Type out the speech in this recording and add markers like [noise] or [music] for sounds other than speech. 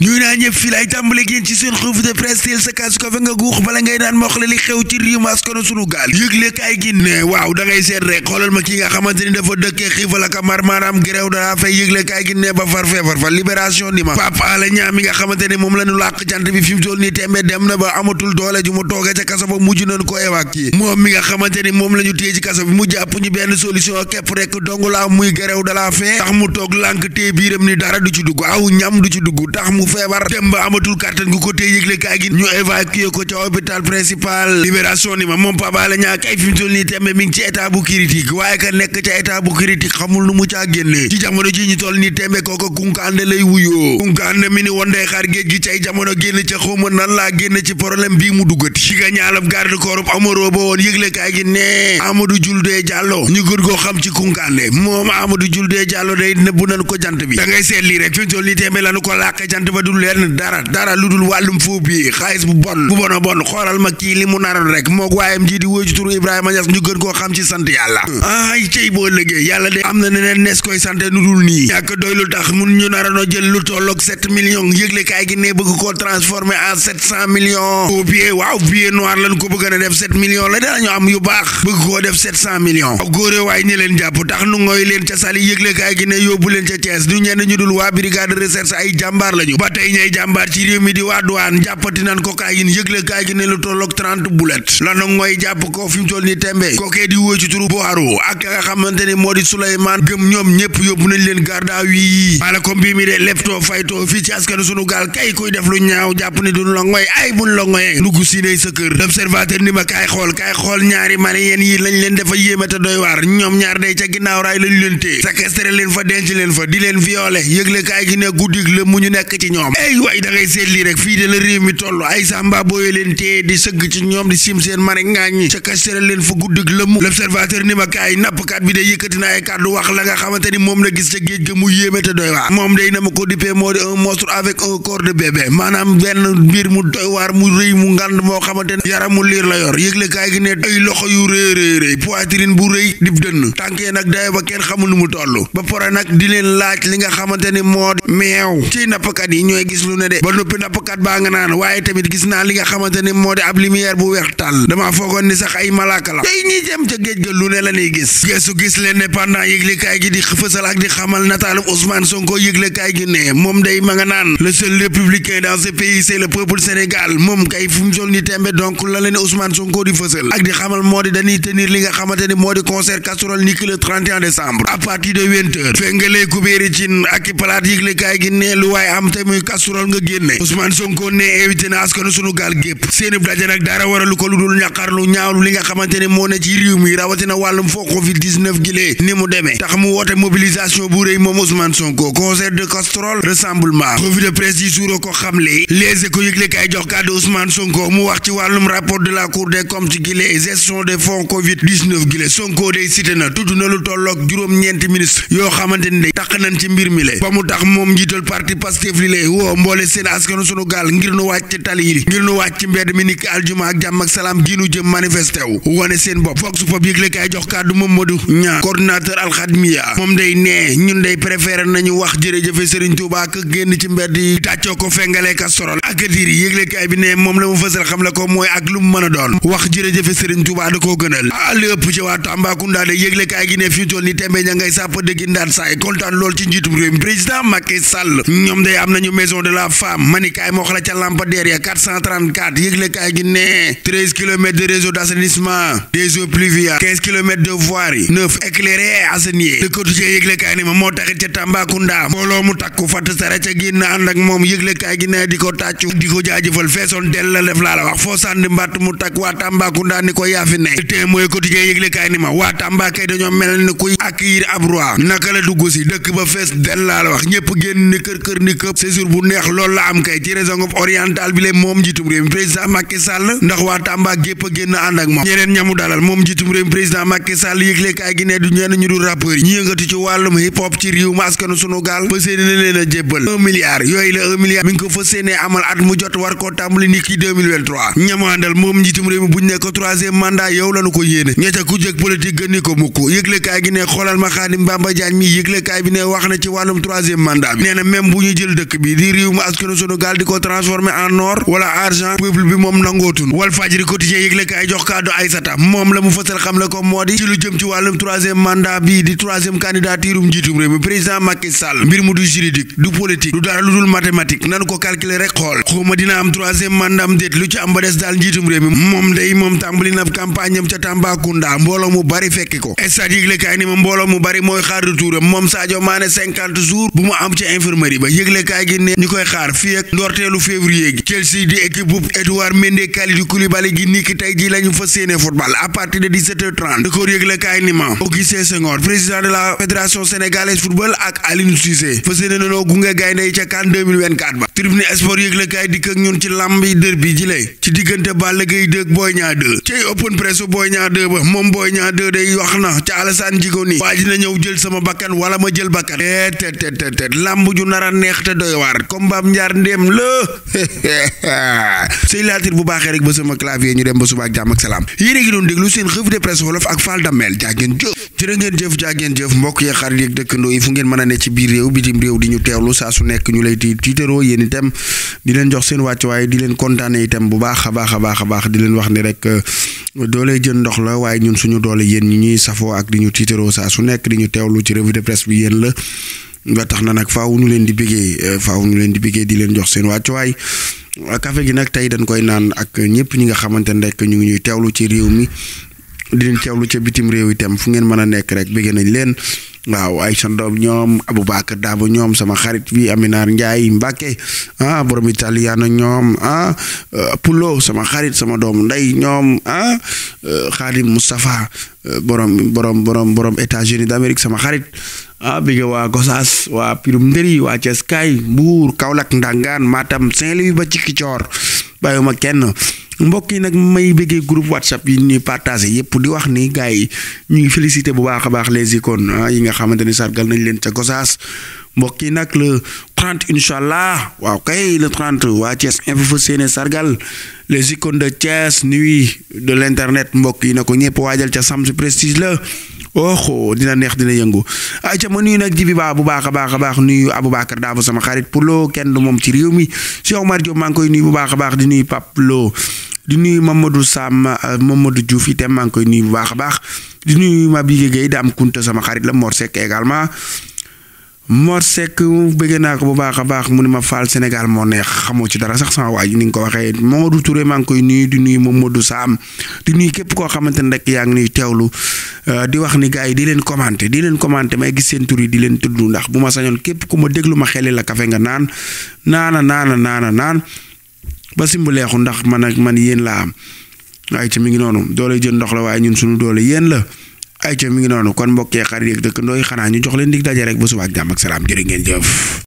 ñuy naa ñëpp fii laay tàmbale géen ci seen xuufu de presse teel sa kaasu kafe nga guux bala ngay naan moxle xew ci réew mi sunu gaal yëgle kaay gi waaw da ngay seet rek xoolal ma ki nga xamante ni dafa dëkkee xiifal ak mar maanaam gréew danaa fay yëgle kaay gi ba far feebar fa libération ni ma Pape Alé Niang nga xamante ni moom la ñu làq jant bi fi mu toll nii tembe dem na ba amatul doole ju mu toogee ca kaso ba mujj nañu ko évacuer moom mi nga xamante ni moom la ñu téye ci kaso bi mu jàpp ñu benn solution képp rek dong laa muy gréew dalaa fee tax mu toog lànk téye biiram ni dara du ci dugg aw ñam du ci dugg feebar dem ba amatul kàttan gu ko tee yëgle kaay gi ñu évacué ko ca hôpital principal libération ni ma moom pabaale ñaak ay fi mu toll nii tembe mi ngi ci état bu critique waaye ka nekk ca état bu xamul nu mu caa génnee ci jamono ji ñu toll nii tembe kooko kunkaande lay wuyoo kunkaande mi ni wondee géej gi cay jamono génn ca xawma nan laa génn ci problème bii mu duggati ci ga ñaalab garde corps amoroo ba woon yëgle kaay gi nee Amadou Juldé Diallo ñu gën da ngay seet lii rek fi mu toll nii tembe ba du leen dara dara lu dul wàllum faux billets xaalis bu bon bu bon a bon xoolal ma kii li mu naral rek mook waayam ji di wóoju turu Ibrahima Niass ñu gën koo xam ci sant yàlla ay cey boo liggéey yàlla de am na neneen nees koy sante nu dul nii ñàkk doy lu tax mun ñu naranoo jël lu tolloog sept millions yëgle kaay gi bëgg koo transformé en sept cent millions faux billets waaw billet noir lañ ko bëgg a def sept millions la danañu am yu baax bëgg koo def sept cent ba tey ñay jàmbaar ci réew mi di waa douane jàppati nan cocaïne yëgle kaay gi ne lu tolloog 30 boulettes la nag jàpp ko fi toll ni tembe kookee di wóoy ci turu Boaro ak nga xamante ni moo di Souleymane gëm ñoom ñëpp yóbbu nañ leen garda wi wala ko mbii mi de leptoo faytoo fii ci askanu sunu gaal kay kuy def lu ñaaw jàpp ni duñ la ngoy ay buñ la ngoyee ndugg siinay sa kër l'observateur ni ma kaay xool kaay xool ñaari malien yi lañ leen dafa yéeme te doy waar ñoom ñaar day ca ginnaaw raay ñoom waay da seet lii rek fii de la réew mi toll ay samba booyee leen tee di sëgg ci ñoom di sim seen mare ngaaññi ca kastéral leen fa guddik lëmm l'observateur ni ma kaay nappkat bi de yëkkati na ay kàddu wax la nga xamante ni moom la gis ca géej ga mu yéeme te doy moom day na ma ko dippee moo di un monstre avec un corps de bébé maanaam benn mbir mu doy waar mu rëy mu ngànd moo xamante ne mu liir la yor yëgle kaay gi ne ay loxo yu rëy rëy rëy poitrine bu rëy dib dënn tànkee nag dayo ba kenn ñooy gis lu ne de ba noppi nappkat baa nga naan waaye tamit gis naa li nga xamante moo di ab lumière bu weex tàll damaa foogoon ni sax ay malaaka la tey ñi jëm ca géej ga lu ne la gis geesu gis leen ne pendant yëglekaay gi di fësal ak di xamal nataalum Ousmane Sonko yëglekaay gi ne moom day ma nga naan le seul républicain dans ce pays c'est le peuple Sénégal moom kay fu sol ni tembe donc la leen Ousmane Sonko di fësal ak di xamal moo di dañuy muy casserole nga génne Ousmane Sonko ne invité na askanu sunu gaal gépp seeni daje nag dara waralu ko lu dul ñaqarlu ñaawlu li nga xamante moo ne ci réew mi rawatina wàllum foo covid gilee ni mu demee tax mu woote mobilisation bu réy moom Ousmane Sonko concert de casserole rassemblement revue de yi suuro ko xamle les éco yëgle kay jox kàddu Ousmane Sonko mu wax ci wàllum rapport de la cour des comptes gilee gestion des fonds covid 19 Sonko day cité boobee woo mboole seen askanu sunu gaal ngir nu wàcc tali yi ngir nu wàcc mbedd mi niki aljuma ak jàmm ak salaam giinu jëm manifesté wu wane seen bopp foog su pop yëgle kaay jox kàddu Mamadou Niang coordinateur alxadmiya moom day nee ñun day préféré nañu wax jërëjëfe Serigne Touba ak génn ci mbedd yi tàccoo ko fengalee ak diri yëgle bi ne moom la mu fësal xam la ko mooy ak lu mu mën a doon wax jërëjëfe Serigne Touba da koo gënal ah, li ëpp ci waa Tambacounda de yëgle kaay gi ne fi toll ni tembe ña ngay sàpp dëggi ndaat saay kontaan lool ci njiitum réew mi président maison de la femme manikaay moo xala ca lampadaire ya 434 yëglekaay gi ne 13 kilomètres de réseau d' assainissement des eaux pluviales 15 kilomètres de voirie 9 éclairé assainier le quotidien yëglekaay ne ma moo taxit ca Tambacounda mbooloo mu takku fatt sare ca génn ànd ak moom yëglekaay gi ne di ko tàccu di ko jaajëfal feesoon del la wax foo sànni mbatt mu takk waa Tambacounda ni ko yaafi te mooy quotidien yëglekaay ni ma waa Tamba dañoo mel discours bu neex loolu la am kay ci région orientale bi le moom njiitum réew mi président Macky Sall ndax waa Tamba gépp a génn ànd ak moom njiitum réew mi président Macky Sall a mandat yow lanu ko yéene ñetta ku jëkk politique gën ni ko mukk yëgle gi ne xoolal ma Xaadim Bamba Jaañ mi yëgle bi ne wax na ci wàllum troisième mandat bi nee bu ñu jël dëkk bi bi di réew mi askanu sunu gaal di ko transformer en or wala argent peuple bi moom nangootun wal fajri quotidien yëgle kaay jox kaddu Aysata moom la mu fësal xam la ko moo di ci um du juridique du dara lu dul mathématique nanu ko calculer rek xool xawma dina am troisième mandat am lu ci am ba des daal njiitum réew mi moom day moom tàmbali na campagne ca Tambacounda mbooloo mu bari fekki ko stade yëgle ni ma mbooloo mu bari mooy xaar retouram génnee ñu koy xaar fii ak ndorteelu février gi Chelsea di équipe bu Edouard Mendy Kalidou Koulibaly gi niki tey ji la ñu fa séene football à partir de 17h30 da ko yëgle kaay ni ma Augustin Senghor président de la fédération sénégalaise football ak Aliou Cissé fa séene nanoo gunge gaynde yi ca CAN ba tribune sport yëgle kaay dikk ak ñun ci lamb yi derby ji ci diggante Balla Gaye 2 Boy Niang 2 cey open press Boy Niang 2 ba moom Boy Niang 2 day wax na ca Alassane Djigo a comme combat njaar ndéem la [laughs] sëy laatir bu baaxee rek ba sama clavier ñu dem ba suba ak jàmm ak salaam yéen a doon déglu seen revue de presse wolof ak faal Damel jaa ngeen jëf jërë jëf jaa ngeen jëf mbokk yee xarit yeeg dëkkandoo yi fu ngeen mën a ne ci biir réew bitim réew di ñu teewlu saa su nekk ñu lay ti tiitaroo yéen itam di leen jox seen wàcc waaye di leen kontaane itam bu baax a baax a baax a baax di leen wax ni rek euh, doolee jën ndox la waaye ñun suñu doole yéen ñi ñuy safoo ak di ñu tiitaroo saa su nekk di ñu teewlu ci revue de presse bi yéen la ba tax na nag faw ñu leen di bëggee eh, faaw ñu leen di bëggee di leen jox seen wàccuwaay café gi nag tey dañ koy naan ak ñëpp ñi nga xamante ne rek ñu ngi ñuy teewlu ci réew mi di leen teewlu ca bitim réew itam fu ngeen mën a nekk rek bëgg nañ leen waaw ay doom ñoom Aboubacar Daabo ñoom sama xarit bi Aminar Ndiaye Mbacke ah borom italiano ñoom ah euh, Pulo sama xarit sama doomu ndey ñoom ah Xaadim euh, Moustapha euh, borom borom borom borom États-Unis d'Amérique sama xarit ah bëgg waa Gosaas waa Pirum Ndëri waa Cees Kaay Mbuur Kaolack Ndangaan Matam Saint-Louis ba ci Kicoor bàyyiwuma kenn. mbokk yi nag may bëggee group whatsapp yi ñuy partagé yëpp di wax ni gars yi ñu ngi félicité bu baax a baax les icônes ah, yi nga xamante ni sargal nañ leen ca Gosaas mbokk yi nag le 30 incha allah waaw kay le 30 waa Thiès info fa sargal les icônes de Thiès nuit de l' internet mbokk yi na ko ñëpp waajal ca same Sams Prestige la oxo oh, oh, dina neex dina yëngu ay ca ma nuyu nag jibi baa bu baax a baax nuy a baax nuyu Aboubacar Daabo sama xarit pour loo kenn moom ci réew mi Cheikh Omar maa ngi koy nuyu bu baax a baax di nuyu Pape Lo di nuyu Mamadou Sam euh, ma Diouf itam maa ngi koy nuyu bu baax a baax di nuyu ma bi liggéey da am kunta sama xarit la Mor Seck également Mor Seck bëgg naa ko bu baax a baax mu ne ma faal Sénégal moo neex xamoo ci dara sax sama waa ji ni nga ko waxee Mamadou Touré maa ngi koy nuyu di nuyu Mamadou Sam di nuyu képp koo xamante ne rek yaa ngi nuy teewlu euh, di wax ni gars yi di leen commenté di leen commenté may gis seen tur di leen tudd ndax bu ma sañoon képp ku ma déglu ma xeli la kafe nga naan naana naana naana naan ba simbu leexu ndax man ak man yéen laa am ayca mi ngi noonu doole jën ndox la waaye ñun suñu doole yéen la ayca mi ngi noonu kon mbokkee xarit yeeg dëkkandoo yi xanaa ñu jox leen dig daje rek ba suba ak jàmm ak salaam jërë ngeen jëf.